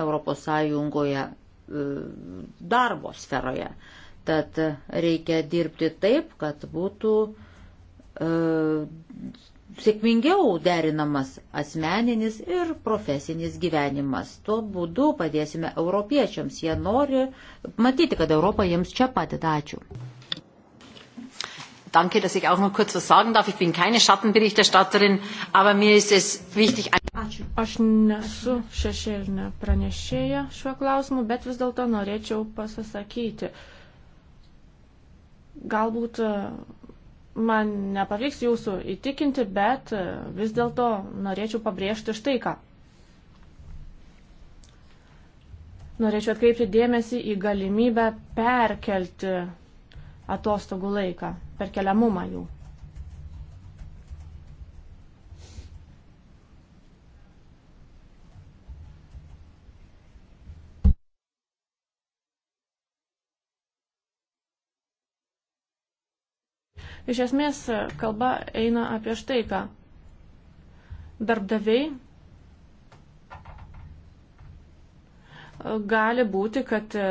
ES e, darbo sferoje. Tad reikia dirbti taip, kad būtų e, sėkmingiau derinamas asmeninis ir profesinis gyvenimas. Tuo būdu padėsime europiečiams. Jie nori matyti, kad Europa jiems čia padeda. Ačiū. Danke, dass ich auch noch kurz was sagen darf. Ich bin keine Schattenberichterstatterin, aber mir ist es wichtig. Ačiū. Aš nesu šešėlinė pranešėja šiuo klausimu, bet vis dėlto norėčiau pasisakyti. Galbūt man nepavyks jūsų įtikinti, bet e, vis dėlto norėčiau pabrėžti štai ką. Norėčiau atkreipti dėmesį į galimybę perkelti atostogų laiką, perkeliamumą jų. Iš esmės kalba eina apie štai ką. Darbdaviai gali būti, kad e,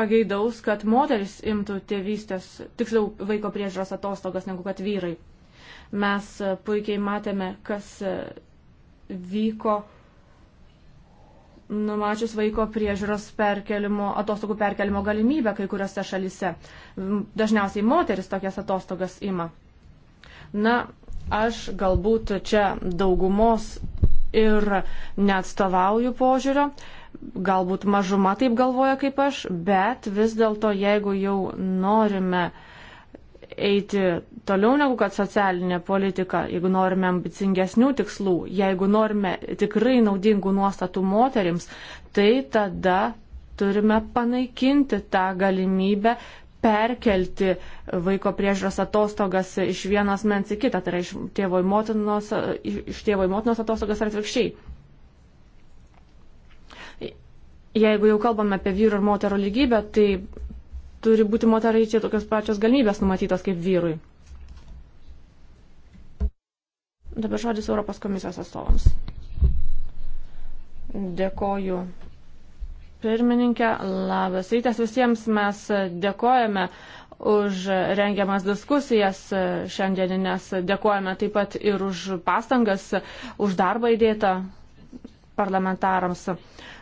pageidaus, kad moteris imtų tėvystės, tiksliau vaiko priežiūros atostogas, negu kad vyrai. Mes e, puikiai matėme, kas e, vyko numačius vaiko priežiūros perkelimo, atostogų perkelimo galimybę kai kuriuose šalise. Dažniausiai moteris tokias atostogas ima. Na, aš galbūt čia daugumos ir neatstovauju požiūrio, galbūt mažuma taip galvoja kaip aš, bet vis dėlto jeigu jau norime uh, eiti toliau negu kad socialinė politika, jeigu norime ambicingesnių tikslų, jeigu norime tikrai naudingų nuostatų moterims, tai tada turime panaikinti tą galimybę perkelti vaiko priežiūros atostogas iš vienos mens į kitą, tai yra iš tėvo į motinos, iš tėvo į motinos atostogas ar atvirkščiai. Jeigu jau kalbame apie vyrų ir moterų lygybę, tai turi būti moteriai čia tokios pačios galimybės numatytos kaip vyrui. Dabar žodis Europos komisijos atstovams. Dėkoju pirmininkė, labas rytas visiems. Mes dėkojame už rengiamas diskusijas šiandieninės, dėkojame taip pat ir už pastangas, už darbą įdėtą parlamentarams.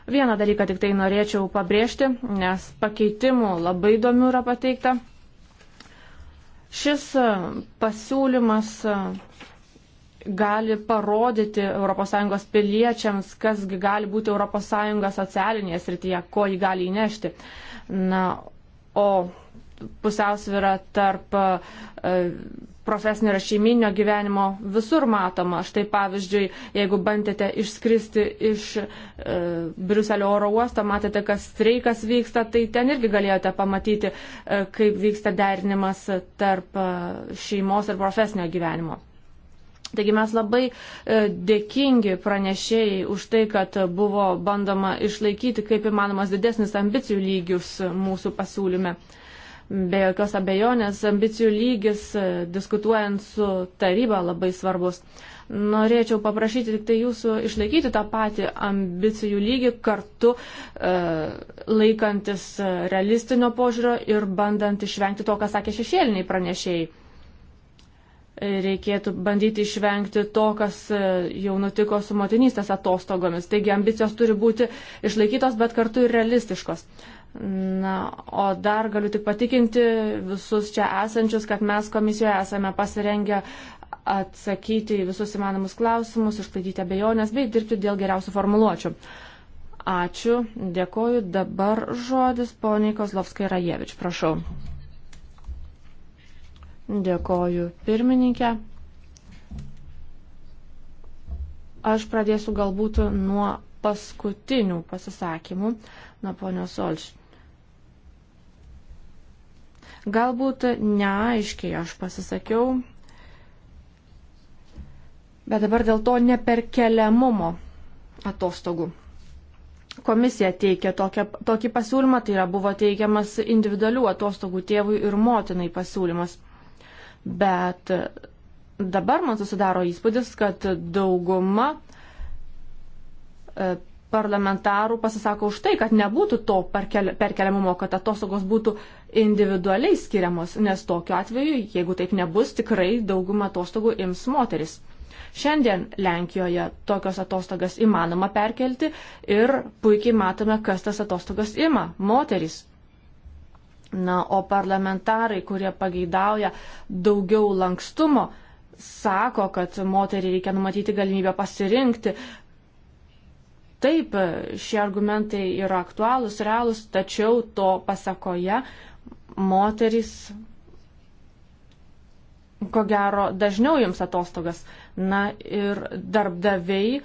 Vieną dalyką tik tai norėčiau pabrėžti, nes pakeitimų labai įdomių yra pateikta. Šis e, pasiūlymas e, gali parodyti ES piliečiams, kasgi gali būti ES socialinėje srityje, ko jį gali įnešti. Na, o pusiausvyrą tarp e, profesinio ir šeiminio gyvenimo visur matoma. Štai pavyzdžiui, jeigu bandėte išskristi iš e, Briuselio oro uosto, matėte, kas streikas vyksta, tai ten irgi galėjote pamatyti, e, kaip vyksta derinimas tarp e, šeimos ir profesinio gyvenimo. Taigi mes labai e, dėkingi pranešėjai už tai, kad buvo bandoma išlaikyti kaip įmanomas didesnis ambicijų lygius mūsų pasiūlyme. E, Be jokios abejonės ambicijų lygis e, diskutuojant su taryba labai svarbus. Norėčiau paprašyti tik tai jūsų išlaikyti tą patį ambicijų lygį kartu e, laikantis e, realistinio požiūrio ir bandant išvengti to, ką sakė šešėliniai pranešėjai reikėtų bandyti išvengti to, kas e, jau nutiko su motinystės atostogomis. Taigi ambicijos turi būti išlaikytos, bet kartu ir realistiškos. Na, o dar galiu tik patikinti visus čia esančius, kad mes komisijoje esame pasirengę atsakyti į visus įmanomus klausimus, išklaidyti abejonės bei dirbti dėl geriausių formuluočių. Ačiū, dėkoju. Dabar žodis poniai Kozlovskai Rajevič, prašau. Dėkoju, pirmininkė. Aš pradėsiu galbūt nuo paskutinių pasisakymų, nuo ponios Olš. Galbūt neaiškiai aš pasisakiau, bet dabar dėl to neperkeliamumo atostogų. Komisija teikė tokią, tokį pasiūlymą, tai yra buvo teikiamas individualių atostogų tėvui ir motinai pasiūlymas. Bet dabar man susidaro įspūdis, kad dauguma e, parlamentarų pasisako už tai, kad nebūtų to perkeliamumo, kad atostogos būtų individualiai skiriamos, nes tokiu atveju, jeigu taip nebus, tikrai daugumą atostogų ims moteris. Šiandien Lenkijoje tokios atostogas įmanoma perkelti ir puikiai matome, kas tas atostogas ima - moteris. Na, o parlamentarai, kurie pageidauja daugiau lankstumo, sako, kad moteriai reikia numatyti galimybę pasirinkti, Taip, šie argumentai yra aktualūs, realūs, tačiau to pasakoje moterys, ko gero, dažniau jums atostogas. Na ir darbdaviai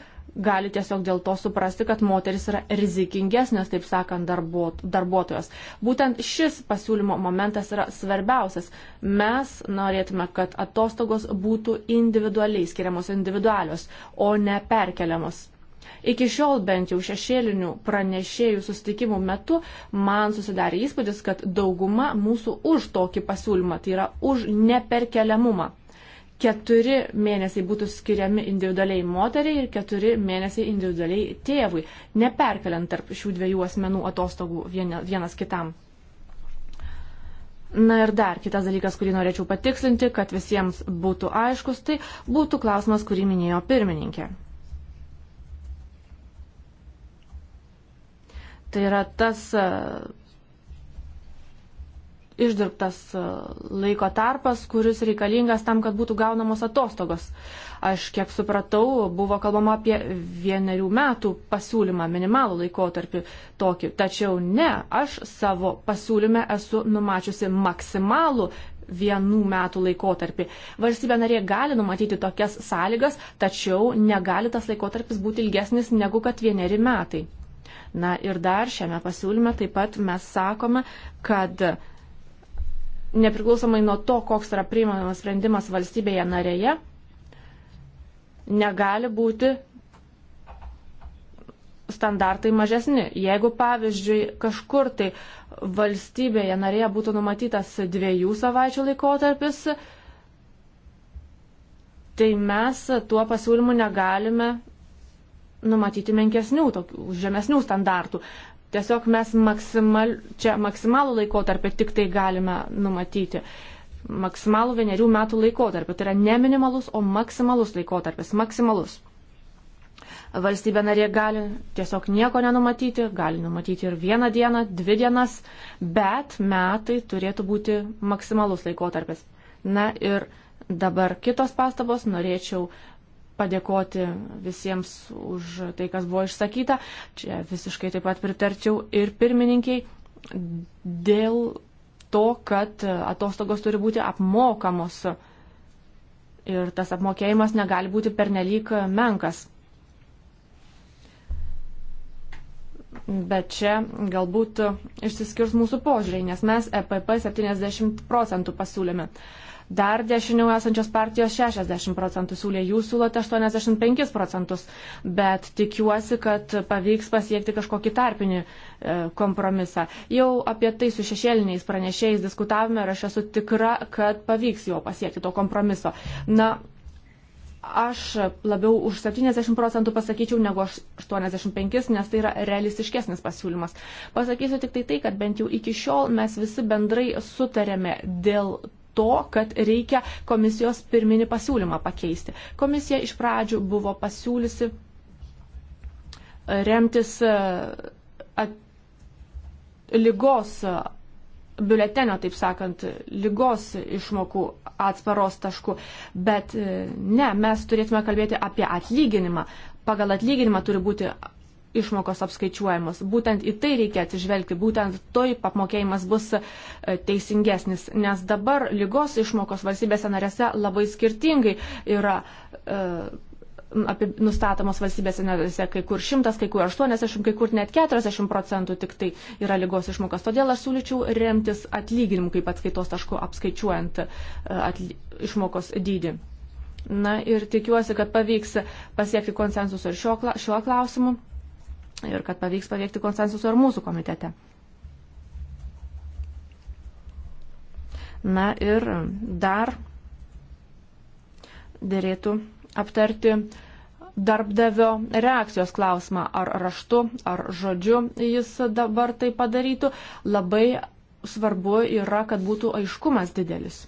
gali tiesiog dėl to suprasti, kad moteris yra rizikingesnės, taip sakant, darbuotojas. Būtent šis pasiūlymo momentas yra svarbiausias. Mes norėtume, kad atostogos būtų individualiai skiriamos individualios, o ne perkeliamos Iki šiol bent jau šešėlinių pranešėjų susitikimų metu man susidarė įspūdis, kad dauguma mūsų už tokį pasiūlymą, tai yra už neperkeliamumą. Keturi mėnesiai būtų skiriami individualiai moteriai ir keturi mėnesiai individualiai tėvui, neperkeliant tarp šių dviejų asmenų atostogų vienas kitam. Na ir dar kitas dalykas, kurį norėčiau patikslinti, kad visiems būtų aiškus, tai būtų klausimas, kurį minėjo pirmininkė. Tai yra tas e, išdirbtas e, laiko tarpas, kuris reikalingas tam, kad būtų gaunamos atostogos. Aš kiek supratau, buvo kalbama apie vienerių metų pasiūlymą, minimalų laikotarpį tokį. Tačiau ne, aš savo pasiūlyme esu numačiusi maksimalų vienų metų laikotarpį. Valstybė narė gali numatyti tokias sąlygas, tačiau negali tas laikotarpis būti ilgesnis negu kad vieneri metai. Na ir dar šiame pasiūlyme taip pat mes sakome, kad nepriklausomai nuo to, koks yra priimamas sprendimas valstybėje narėje, negali būti standartai mažesni. Jeigu, pavyzdžiui, kažkur tai valstybėje narėje būtų numatytas dviejų savaičių laikotarpis, tai mes tuo pasiūlymu negalime numatyti menkesnių, tokių, žemesnių standartų. Tiesiog mes maksimal, čia maksimalų laikotarpį tik tai galime numatyti. Maksimalų vienerių metų laikotarpį. Tai yra ne minimalus, o maksimalus laikotarpis. Maksimalus. Valstybė narė gali tiesiog nieko nenumatyti, gali numatyti ir vieną dieną, dvi dienas, bet metai turėtų būti maksimalus laikotarpis. Na ir dabar kitos pastabos, norėčiau uh, padėkoti visiems už tai, kas buvo išsakyta. Čia visiškai taip pat pritarčiau ir pirmininkiai dėl to, kad atostogos turi būti apmokamos ir tas apmokėjimas negali būti pernelyg menkas. Bet čia galbūt išsiskirs mūsų požiūriai, nes mes e EPP 70 procentų pasiūlėme. Uh, Dar dešiniau esančios partijos 60 procentų siūlė, jūs siūlote 85 procentus, bet tikiuosi, kad pavyks pasiekti kažkokį tarpinį e, kompromisą. Jau apie tai su šešėliniais pranešėjais diskutavome ir aš esu tikra, kad pavyks jo pasiekti to kompromiso. Na, aš labiau už 70 procentų pasakyčiau negu 85, nes tai yra realistiškesnis pasiūlymas. Pasakysiu tik tai tai, kad bent jau iki šiol mes visi bendrai sutarėme dėl to, kad reikia komisijos pirminį pasiūlymą pakeisti. Komisija iš pradžių buvo pasiūlysi e, remtis e, at, lygos e, biuletenio, taip sakant, lygos išmokų atsparos taškų. Bet ne, mes turėtume kalbėti apie atlyginimą. Pagal atlyginimą turi būti išmokos apskaičiuojamos. Būtent į tai reikia atsižvelgti, būtent toip apmokėjimas bus e, teisingesnis, nes dabar lygos išmokos valstybėse narėse labai skirtingai yra e, nustatomos valstybėse narėse, kai kur 100, kai kur 80, kai kur net 40 procentų tik tai yra lygos išmokos. Todėl aš siūlyčiau remtis atlyginimu kaip atskaitos tašku apskaičiuojant e, atly, išmokos dydį. Na ir tikiuosi, kad pavyks pasiekti konsensusą ir šiuo, šiuo klausimu ir kad pavyks paveikti konsensusą ir mūsų komitete. Na ir dar dėrėtų aptarti darbdavio reakcijos klausimą, ar raštu, ar žodžiu jis dabar tai padarytų. Labai svarbu yra, kad būtų aiškumas didelis.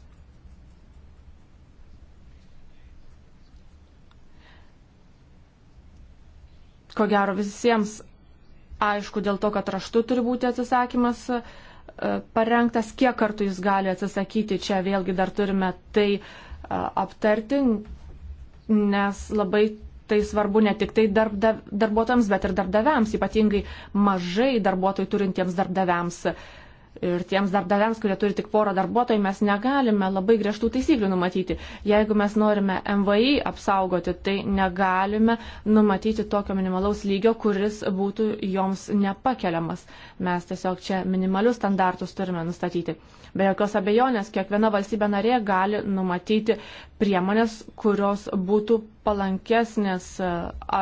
ko gero visiems aišku dėl to, kad raštu turi būti atsisakymas e, parengtas, kiek kartų jis gali atsisakyti, čia vėlgi dar turime tai e, aptarti, nes labai tai svarbu ne tik tai darbdav, darbuotojams, bet ir darbdaviams, ypatingai mažai darbuotojų turintiems darbdaviams. Uh, Ir tiems darbdaviams, kurie turi tik porą darbuotojų, mes negalime labai griežtų taisyklių numatyti. Jeigu mes norime MVI apsaugoti, tai negalime numatyti tokio minimalaus lygio, kuris būtų joms nepakeliamas. Mes tiesiog čia minimalius standartus turime nustatyti. Be jokios abejonės, kiekviena valstybė narė gali numatyti priemonės, kurios būtų palankesnės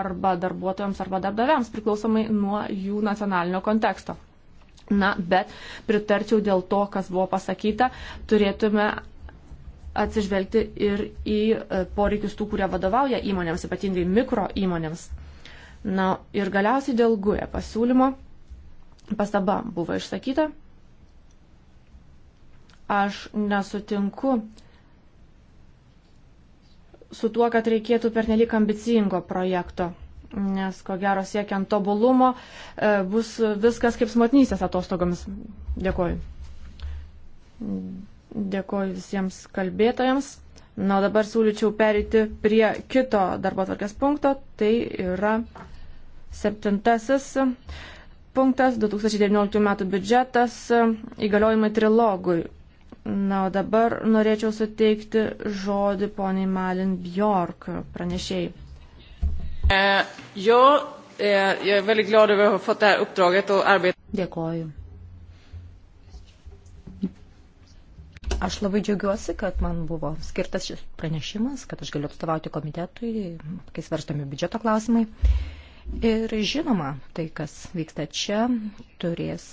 arba darbuotojams, arba darbdaviams, priklausomai nuo jų nacionalinio konteksto. Na, bet pritarčiau dėl to, kas buvo pasakyta, turėtume atsižvelgti ir į e, poreikius tų, kurie vadovauja įmonėms, ypatingai mikro įmonėms. Na ir galiausiai dėl GUE pasiūlymo pastaba buvo išsakyta. Aš nesutinku su tuo, kad reikėtų pernelik ambicingo projekto nes ko gero siekiant tobulumo e, bus viskas kaip smatnystės atostogomis. Dėkoju. Dėkoju visiems kalbėtojams. Na, dabar siūlyčiau perėti prie kito darbo tvarkės punkto. Tai yra septintasis punktas 2019 m. biudžetas e, įgaliojimai trilogui. Na, o dabar norėčiau suteikti žodį poniai Malin Bjork pranešėjai. Eh, eh, Dėkoju. Aš labai džiaugiuosi, kad man buvo skirtas šis pranešimas, kad aš galiu atstovauti komitetui, kai svarstomi biudžeto klausimai. Ir žinoma, tai, kas vyksta čia, turės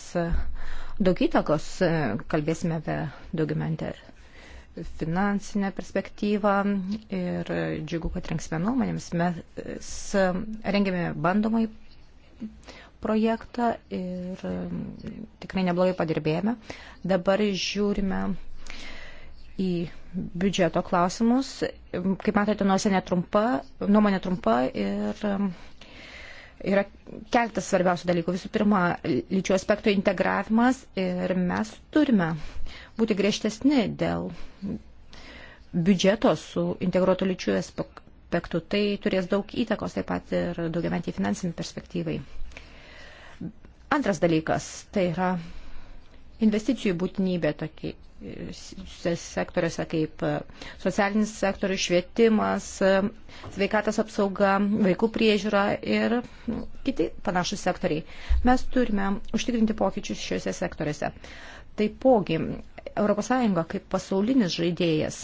daug įtakos, kalbėsime apie dokumentę finansinę perspektyvą ir džiugu, kad rinksime nuomonėms. Mes e, rengėme bandomai projektą ir e, tikrai neblogai padirbėjome. Dabar žiūrime į biudžeto klausimus. Kaip matote, nuomonė trumpa, nuomonė trumpa ir e, yra keltas svarbiausių dalykų. Visų pirma, lyčių aspektų integravimas ir mes turime būti griežtesni dėl biudžeto su integruotų lyčių aspektu. Tai turės daug įtakos taip pat ir daugiametį finansinį perspektyvai. Antras dalykas tai yra investicijų būtinybė tokie sektoriuose kaip e, socialinis sektorius, švietimas, e, sveikatos apsauga, vaikų priežiūra ir nu, kiti panašus sektoriai. Mes turime užtikrinti pokyčius šiuose sektoriuose. Taipogi ES kaip pasaulinis žaidėjas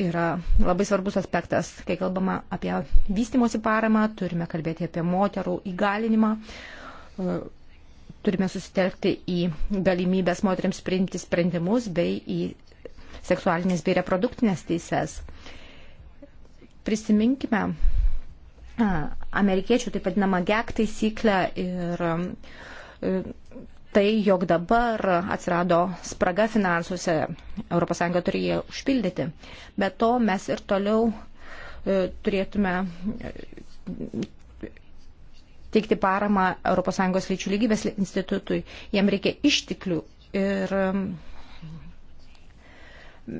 yra labai svarbus aspektas. Kai kalbama apie vystimosi paramą, turime kalbėti apie moterų įgalinimą, turime susitelkti į galimybės moteriams priimti sprendimus bei į seksualinės bei reproduktinės teises. Prisiminkime amerikiečių taip vadinamą GEC taisyklę ir tai, jog dabar atsirado spraga finansuose, ES turi jie užpildyti. Be to mes ir toliau e, turėtume e, teikti paramą ES lyčių lygybės institutui. Jam reikia išteklių ir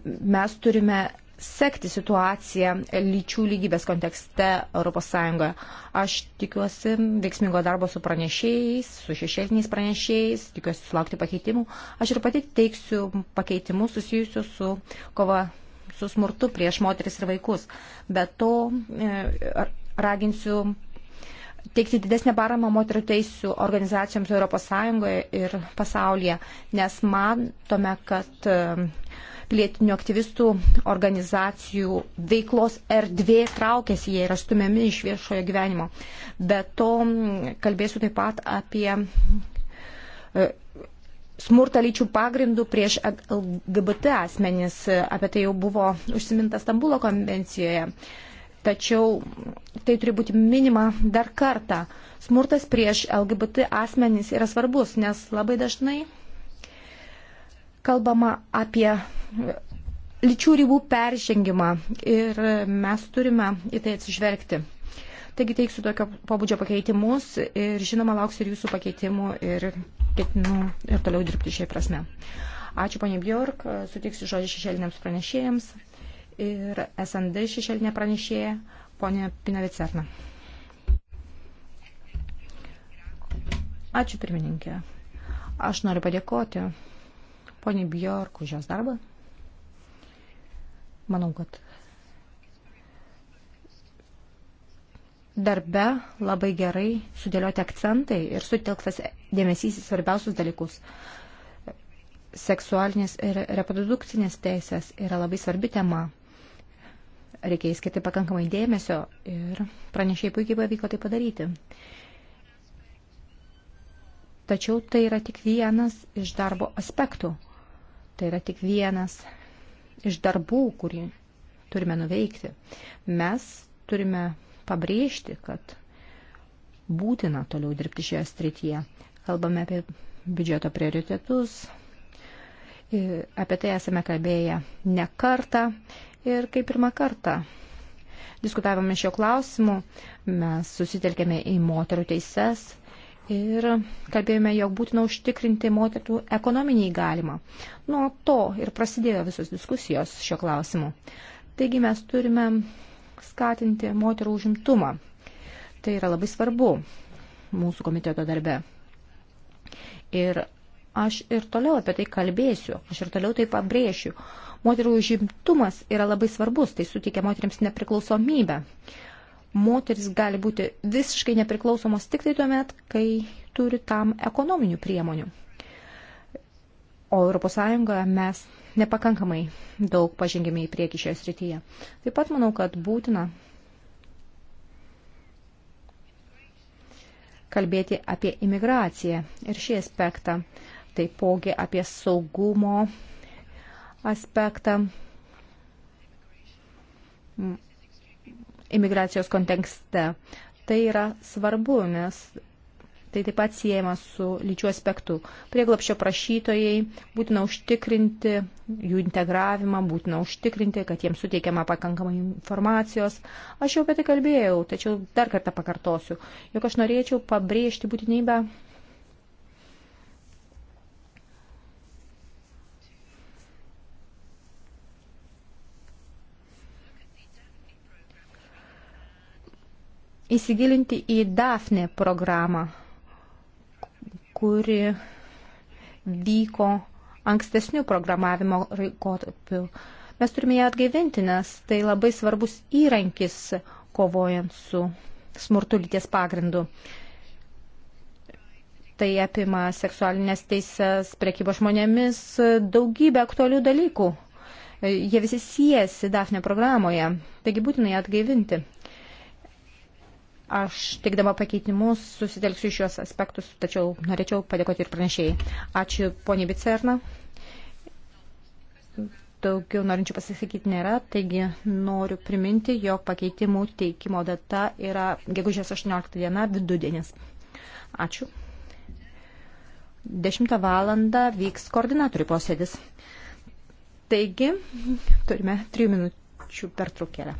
mes turime sekti situaciją lyčių lygybės kontekste ES. Aš tikiuosi veiksmingo darbo su pranešėjais, su šešėliniais pranešėjais, tikiuosi sulaukti pakeitimų. Aš ir pati teiksiu pakeitimus susijusius su kova su smurtu prieš moteris ir vaikus. Be to e, raginsiu teikti didesnę paramą moterų teisų organizacijoms ES ir pasaulyje, nes matome, kad e, pilietinių aktyvistų organizacijų veiklos erdvė traukiasi, jie yra stumiami iš viešojo gyvenimo. Be to kalbėsiu taip pat apie e, smurtą lyčių pagrindų prieš LGBT asmenis. Apie tai jau buvo užsiminta Stambulo konvencijoje. Tačiau tai turi būti minima dar kartą. Smurtas prieš LGBT asmenys yra svarbus, nes labai dažnai kalbama apie lyčių ribų peržengimą ir mes turime į tai atsižvelgti. Taigi teiksiu tokio pobūdžio pakeitimus ir žinoma lauksiu ir jūsų pakeitimų ir ketinu ir toliau dirbti šiai prasme. Ačiū ponė Bjork, sutiksiu žodį šešėliniams pranešėjams ir SND šešėlinė pranešėja ponė Pinavicerna. Ačiū pirmininkė. Aš noriu padėkoti poniai Bjork už jos darbą. Manau, kad darbe labai gerai sudėlioti akcentai ir sutelktas dėmesys į svarbiausius dalykus. Seksualinės ir reprodukcinės teisės yra labai svarbi tema. Reikia įskirti pakankamai dėmesio ir pranešiai puikiai pavyko tai padaryti. Tačiau tai yra tik vienas iš darbo aspektų. Tai yra tik vienas iš darbų, kurį turime nuveikti. Mes turime pabrėžti, kad būtina toliau dirbti šioje srityje. Kalbame apie biudžeto prioritetus, apie tai esame kalbėję ne kartą ir kaip pirmą kartą. Diskutavome šio klausimu, mes susitelkėme į moterų teises, ir kalbėjome, jog būtina užtikrinti moterų ekonominį įgalimą. Nuo to ir prasidėjo visos diskusijos šio klausimu. Taigi mes turime skatinti moterų užimtumą. Tai yra labai svarbu mūsų komiteto darbe. Ir aš ir toliau apie tai kalbėsiu, aš ir toliau tai pabrėšiu. Moterų užimtumas yra labai svarbus, tai suteikia moteriams nepriklausomybę moteris gali būti visiškai nepriklausomos tik tai tuomet, kai turi tam ekonominių priemonių. O ES mes nepakankamai daug pažengėme į priekį šioje srityje. Taip pat manau, kad būtina kalbėti apie imigraciją ir šį aspektą, taipogi apie saugumo aspektą imigracijos kontekste. Tai yra svarbu, nes tai taip pat siejama su lyčių aspektu. Prieglapščio prašytojai būtina užtikrinti jų integravimą, būtina užtikrinti, kad jiems suteikiama pakankamai informacijos. Aš jau apie tai kalbėjau, tačiau dar kartą pakartosiu, jog aš norėčiau pabrėžti būtinybę įsigilinti į DAFNE programą, kuri vyko ankstesnių programavimo laikotarpių. Mes turime ją atgaivinti, nes tai labai svarbus įrankis kovojant su smurtu lyties pagrindu. Tai apima seksualinės teises, priekybo žmonėmis, daugybę aktualių dalykų. Jie visi siejasi Dafne programoje, taigi būtinai atgaivinti. Aš teikdama pakeitimus susitelksiu iš juos aspektus, tačiau norėčiau padėkoti ir pranešėjai. Ačiū poniai Bicerna. Daugiau norinčių pasisakyti nėra, taigi noriu priminti, jog pakeitimų teikimo data yra gegužės 18 diena vidudienis. Ačiū. 10 val. vyks koordinatorių posėdis. Taigi, turime 3 minučių pertraukėlę.